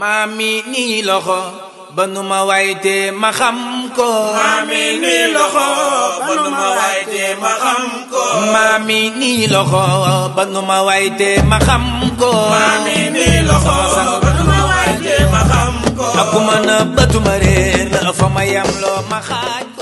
maami nii loxo ba nu ma wayte ma xam ko. maami nii loxo ba nu ma wayte ma xam ko. maami nii loxo ba nu ma wayte ma xam ko. maami nii loxo ba nu ma wayte ma xam ko. akuma na batuma réer fa ma yam loo ma xaaj.